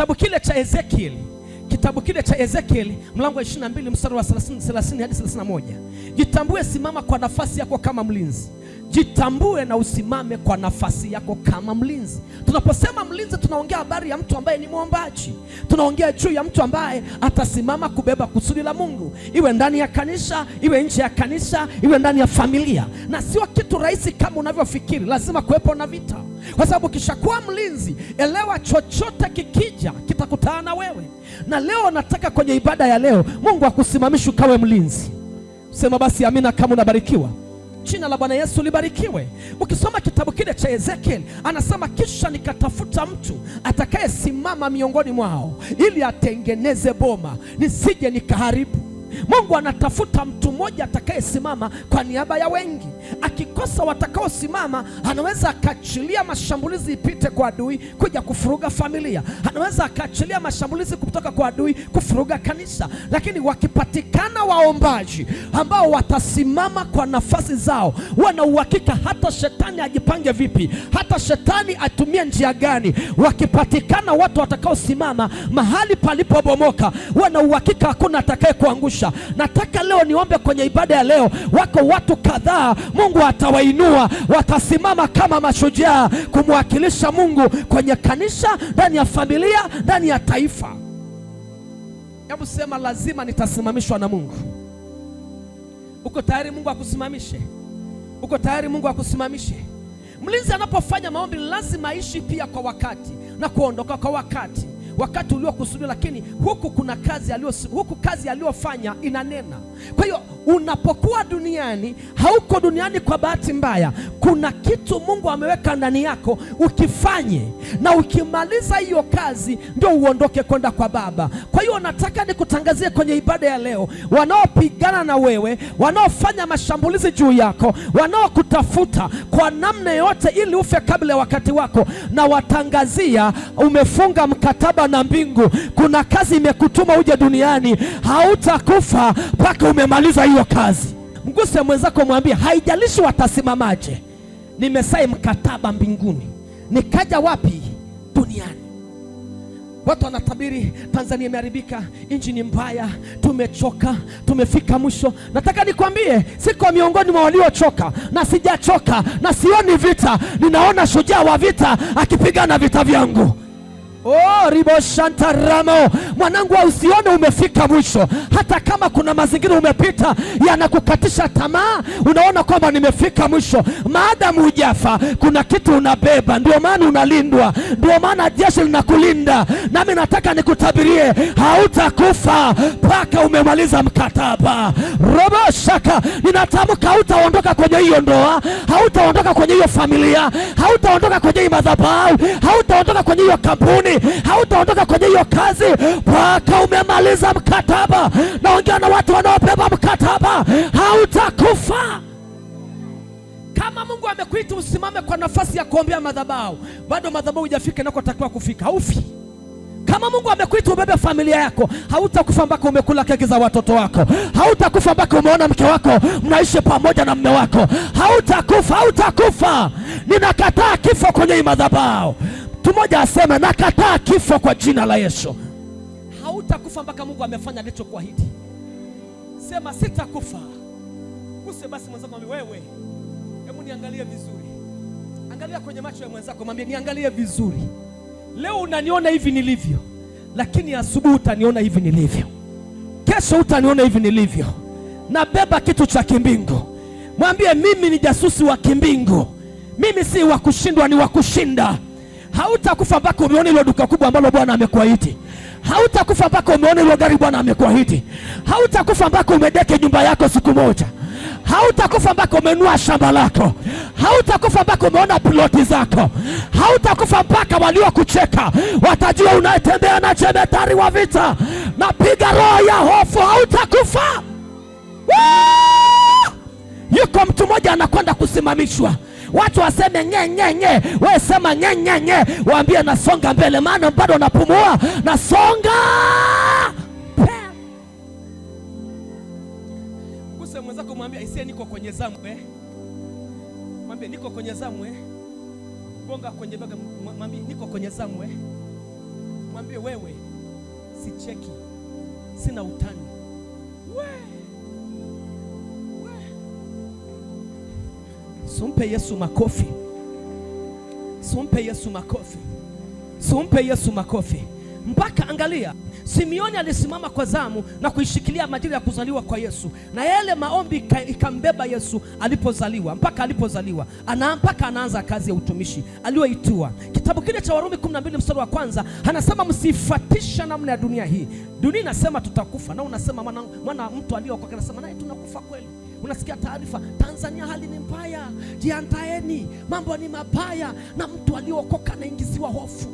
Kitabu kile cha Ezekiel, kitabu kile cha Ezekiel mlango wa 22 mstari wa 30, hadi 31. Jitambue, simama kwa nafasi yako kama mlinzi. Jitambue na usimame kwa nafasi yako kama mlinzi. Tunaposema mlinzi, tunaongea habari ya mtu ambaye ni mwombaji, tunaongea juu ya mtu ambaye atasimama kubeba kusudi la Mungu, iwe ndani ya kanisa, iwe nje ya kanisa, iwe ndani ya familia, na sio kitu rahisi kama unavyofikiri. Lazima kuwepo na vita kwa sababu ukishakuwa mlinzi, elewa chochote kikija kitakutana na wewe. Na leo nataka kwenye ibada ya leo Mungu akusimamishe ukawe mlinzi. Sema basi amina kama unabarikiwa. Jina la Bwana Yesu libarikiwe. Ukisoma kitabu kile cha Ezekiel, anasema kisha nikatafuta mtu atakayesimama miongoni mwao ili atengeneze boma, nisije nikaharibu. Mungu anatafuta mtu mmoja atakayesimama kwa niaba ya wengi akikosa watakaosimama, anaweza akaachilia mashambulizi ipite kwa adui kuja kufuruga familia, anaweza akaachilia mashambulizi kutoka kwa adui kufuruga kanisa. Lakini wakipatikana waombaji ambao watasimama kwa nafasi zao, wana uhakika hata shetani ajipange vipi, hata shetani atumie njia gani, wakipatikana watu watakaosimama mahali palipobomoka, wana uhakika hakuna atakayekuangusha. Nataka leo niombe kwenye ibada ya leo, wako watu kadhaa Mungu atawainua, watasimama kama mashujaa kumwakilisha Mungu kwenye kanisa, ndani ya familia, ndani ya taifa. Hebu sema, lazima nitasimamishwa na Mungu. Uko tayari Mungu akusimamishe? Uko tayari Mungu akusimamishe? Mlinzi anapofanya maombi lazima aishi pia kwa wakati na kuondoka kwa wakati wakati uliokusudiwa, lakini huku kuna kazi alio, huku kazi aliyofanya inanena. Kwa hiyo unapokuwa duniani, hauko duniani kwa bahati mbaya. Kuna kitu Mungu ameweka ndani yako, ukifanye na ukimaliza hiyo kazi ndio uondoke kwenda kwa Baba. Kwa hiyo nataka nikutangazie kwenye ibada ya leo, wanaopigana na wewe, wanaofanya mashambulizi juu yako, wanaokutafuta kwa namna yote ili ufe kabla ya wakati wako, na watangazia umefunga mkataba na mbingu, kuna kazi imekutuma uje duniani. Hautakufa mpaka umemaliza hiyo kazi. Mguse mwenzako, mwambie haijalishi watasimamaje, nimesai mkataba mbinguni, nikaja wapi duniani. Watu wanatabiri Tanzania imeharibika, nchi ni mbaya, tumechoka, tumefika mwisho. Nataka nikwambie, siko miongoni mwa waliochoka, na sijachoka, na sioni vita, ninaona shujaa wa vita akipigana vita vyangu. Oh, ribo shanta ramo mwanangu, usione umefika mwisho. Hata kama kuna mazingira umepita yanakukatisha tamaa, unaona kwamba nimefika mwisho, maadamu hujafa, kuna kitu unabeba. Ndio maana unalindwa, ndio maana jeshi linakulinda. Nami nataka nikutabirie, hautakufa mpaka umemaliza mkataba. Robo shaka, ninatamka hautaondoka kwenye hiyo ndoa, hautaondoka kwenye hiyo familia, hautaondoka kwenye hiyo madhabahu, hautaondoka kwenye hiyo kampuni mimi, hautaondoka kwenye hiyo kazi mpaka umemaliza mkataba. Naongea na watu wanaobeba mkataba, hautakufa. Kama Mungu amekuita usimame kwa nafasi ya kuombea madhabahu, bado madhabahu hujafika inakotakiwa kufika, haufi. Kama Mungu amekuita ubebe familia yako, hautakufa mpaka umekula keki za watoto wako. Hautakufa mpaka umeona mke wako mnaishi pamoja na mme wako. Hautakufa, hautakufa. Ninakataa kifo kwenye madhabahu. Mtu mmoja aseme nakataa kifo kwa jina la Yesu. Hautakufa mpaka Mungu amefanya alichokuahidi. Sema sitakufa. Guse basi mwenzako, mwambie wewe, hebu niangalie vizuri. Angalia kwenye macho ya mwenzako, mwambie niangalie vizuri. Leo unaniona hivi nilivyo, lakini asubuhi utaniona hivi nilivyo, kesho utaniona hivi nilivyo. Nabeba kitu cha kimbingu. Mwambie mimi ni jasusi wa kimbingu, mimi si wa kushindwa, ni wa kushinda. Hautakufa mpaka umeona ile duka kubwa ambalo Bwana amekuahidi. Hautakufa mpaka umeona ile gari Bwana amekuahidi. Hautakufa mpaka umedeke nyumba yako siku moja. Hautakufa mpaka umenua shamba lako. Hautakufa mpaka umeona ploti zako. Hautakufa mpaka waliokucheka watajua unayetembea na jemadari wa vita. Napiga roho ya hofu, hautakufa. Yuko mtu mmoja anakwenda kusimamishwa watu waseme nye, nye, nye. Wewe sema nye, nye, nye, waambie nasonga mbele, maana bado napumua, nasonga kuse mwenzako, mwambia isie niko kwenye zamu eh. Mwambie niko kwenye zamu eh. Bonga kwenye bega, mwambie niko kwenye zamu eh. Mwambie wewe, sicheki, sina utani wewe. sumpe Yesu makofi, sumpe Yesu makofi, sumpe Yesu makofi mpaka angalia, Simioni alisimama kwa zamu na kuishikilia majira ya kuzaliwa kwa Yesu, na yale maombi ikambeba Yesu alipozaliwa mpaka alipozaliwa ana, mpaka anaanza kazi ya utumishi aliyoitua. Kitabu kile cha Warumi 12 mstari wa kwanza anasema msifatisha namna ya dunia hii. Dunia inasema tutakufa, na unasema mwana, mwana mtu aliyeokoka anasema naye tunakufa kweli unasikia taarifa Tanzania hali ni mbaya, jiandaeni, mambo ni mabaya, na mtu aliokoka anaingiziwa hofu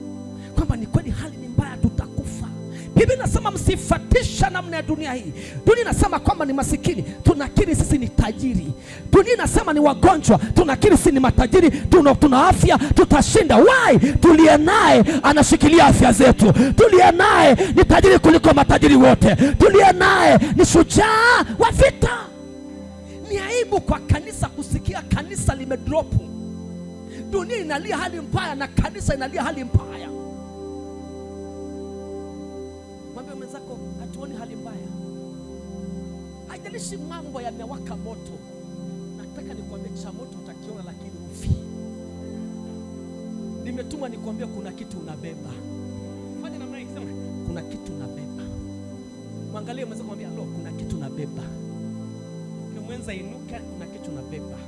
kwamba ni kweli hali ni mbaya, tutakufa. Biblia inasema msifatisha namna ya dunia hii. Dunia inasema kwamba ni masikini, tunakiri sisi ni tajiri. Dunia inasema ni wagonjwa, tunakiri sisi ni matajiri. Tuna, tuna afya, tutashinda. Why? Tuliye naye anashikilia afya zetu, tuliye naye ni tajiri kuliko matajiri wote, tuliye naye ni shujaa wa vita. Aibu kwa kanisa kusikia kanisa limedropu. Dunia inalia hali mbaya na kanisa inalia hali mbaya. Mwambie mwenzako, hatuoni hali mbaya, haijalishi mambo yamewaka moto. Nataka nikuambie cha moto utakiona, lakini ufi. Nimetuma nikuambia kuna kitu unabeba. Fanya namna hii, sema kuna kitu unabeba. Mwangalie mwenzako, mwambie, lo, kuna kitu unabeba mwenza inuka, kuna kitu unabeba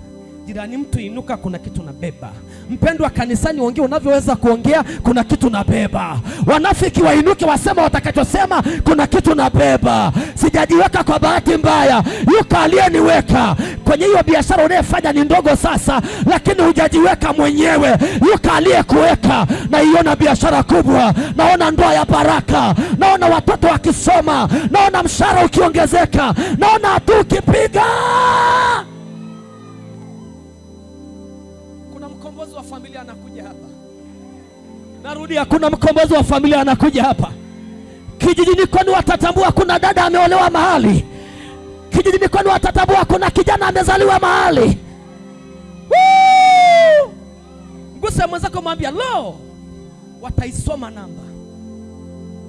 jirani mtu, inuka, kuna kitu nabeba. Mpendwa kanisani, ongea unavyoweza kuongea, kuna kitu nabeba. Wanafiki wainuke, wasema watakachosema, kuna kitu nabeba. Sijajiweka kwa bahati mbaya, yuko aliyeniweka kwenye hiyo biashara unayefanya ni ndogo sasa, lakini hujajiweka mwenyewe, yuko aliyekuweka. Naiona biashara kubwa, naona ndoa ya baraka, naona watoto wakisoma, naona mshahara ukiongezeka, naona hatu ukipiga mkombozi wa familia anakuja hapa. Narudia, kuna mkombozi wa familia anakuja hapa kijijini kwenu. Watatambua kuna dada ameolewa mahali kijijini kwenu. Watatambua kuna kijana amezaliwa mahali. Mguse mwenzako, mwambia lo, wataisoma namba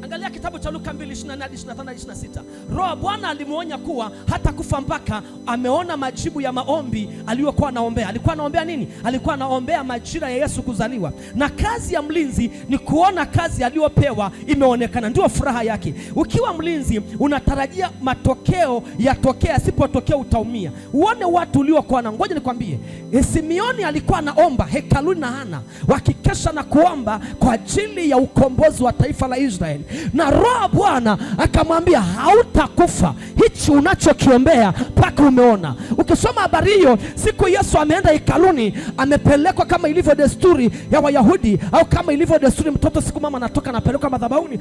Angalia kitabu cha Luka 2:24 26. Roho Bwana alimuonya kuwa hata kufa mpaka ameona majibu ya maombi aliyokuwa anaombea. Alikuwa anaombea nini? Alikuwa anaombea majira ya Yesu kuzaliwa, na kazi ya mlinzi ni kuona kazi aliyopewa imeonekana, ndio furaha yake. Ukiwa mlinzi unatarajia matokeo yatokee, asipotokea utaumia. Uone watu uliokuwa na ngoja, nikwambie eh, Simeoni alikuwa anaomba hekaluni na Hana wakikesha na kuomba kwa ajili ya ukombozi wa taifa la Israeli na roho Bwana akamwambia hautakufa hichi unachokiombea mpaka umeona. Ukisoma habari hiyo, siku Yesu ameenda hekaluni, amepelekwa kama ilivyo desturi ya Wayahudi au kama ilivyo desturi, mtoto siku mama anatoka anapelekwa madhabahuni.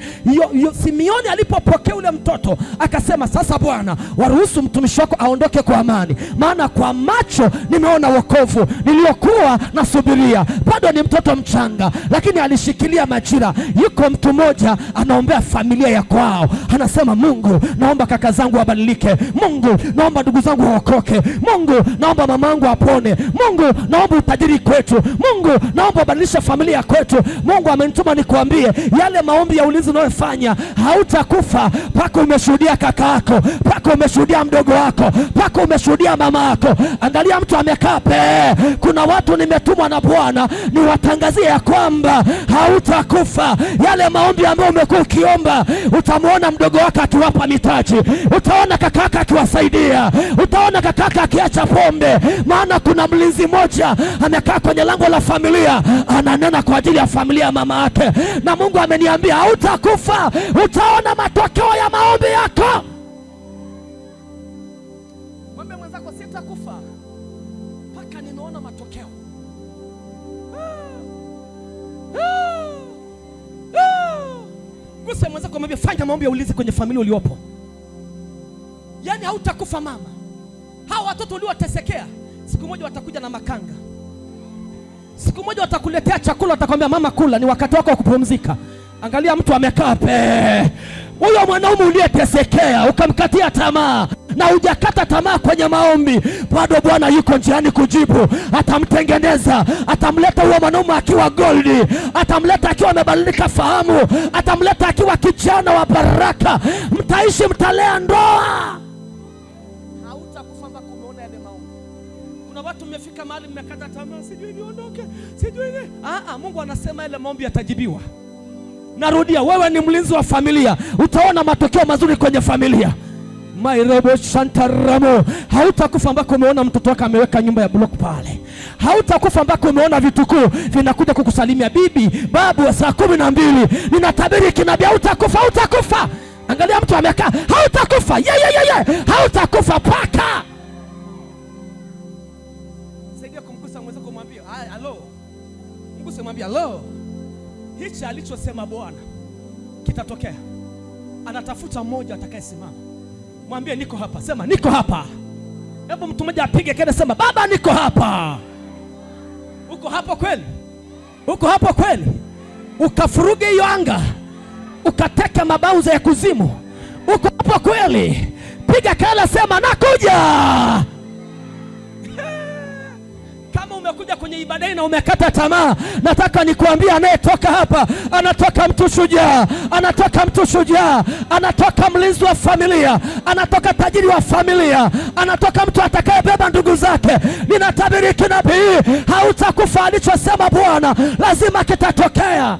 Simioni alipopokea ule mtoto akasema, sasa Bwana, waruhusu mtumishi wako aondoke kwa amani, maana kwa macho nimeona wokovu niliokuwa nasubiria. Bado ni mtoto mchanga, lakini alishikilia majira. Yuko mtu mmoja ana anaombea familia ya kwao, anasema Mungu, naomba kaka zangu wabadilike. Mungu, naomba ndugu zangu waokoke. Mungu, naomba mamangu apone. Mungu, naomba utajiri kwetu. Mungu, naomba ubadilishe familia kwetu. Mungu amenituma nikuambie, yale maombi ya ulinzi unayofanya, hautakufa mpaka umeshuhudia kaka yako, mpaka umeshuhudia mdogo wako, mpaka umeshuhudia mama yako. Angalia mtu amekaa pe, Kuna watu nimetumwa na Bwana niwatangazie ya kwamba hautakufa. Yale maombi ambayo umekuwa akiomba, utamwona mdogo wake akiwapa mitaji, utaona kakaka akiwasaidia, utaona kakaka akiacha pombe. Maana kuna mlinzi mmoja amekaa kwenye lango la familia, ananena kwa ajili ya familia ya mama yake, na Mungu ameniambia hautakufa, utaona matokeo ya maombi yako. Mwambie mwenzako sitakufa mpaka ninaona matokeo. Mguse mwenzako mwambie, fanya maombi ya ulinzi kwenye familia uliopo. Yaani hautakufa mama. Hawa watoto uliotesekea siku moja watakuja na makanga, siku moja watakuletea chakula, watakwambia mama, kula, ni wakati wako wa kupumzika. Angalia mtu amekaa pe, huyo mwanaume uliyetesekea ukamkatia tamaa na hujakata tamaa kwenye maombi, bado Bwana yuko njiani kujibu. Atamtengeneza, atamleta huyo mwanaume akiwa goldi, atamleta akiwa amebadilika fahamu, atamleta akiwa kijana wa baraka. Mtaishi, mtalea ndoa, hautakufa mpaka umeona yale maombi. Kuna watu mmefika mahali mmekata tamaa, sijui niondoke, sijui ni ah, ah, Mungu anasema yale maombi yatajibiwa. Narudia, wewe ni mlinzi wa familia, utaona matokeo mazuri kwenye familia mairebo shantaramo. Hautakufa ambako umeona mtoto wake ameweka nyumba ya block pale. Hautakufa ambako umeona vitukuu vinakuja kukusalimia bibi babu wa saa kumi na mbili. Ninatabiri kinabii, hautakufa, hautakufa. Angalia mtu amekaa, hautakufa ye, ye, ye, ye. Hautakufa paka Mwambia alo hichi alichosema Bwana kitatokea. Anatafuta mmoja atakayesimama Mwambie niko hapa, sema niko hapa. Hebu mtu mmoja apige kena, sema Baba, niko hapa. Uko hapo kweli? Uko hapo kweli? Ukafuruge hiyo anga, ukateka mabauza ya kuzimu. Uko hapo kweli? Piga kena, sema nakuja umekuja kwenye ibada na umekata tamaa, nataka nikuambie, anayetoka hapa anatoka mtu shujaa, anatoka mtu shujaa, anatoka mlinzi wa familia, anatoka tajiri wa familia, anatoka mtu atakayebeba ndugu zake. Ninatabiri kinabii, hautakufa alichosema Bwana lazima kitatokea.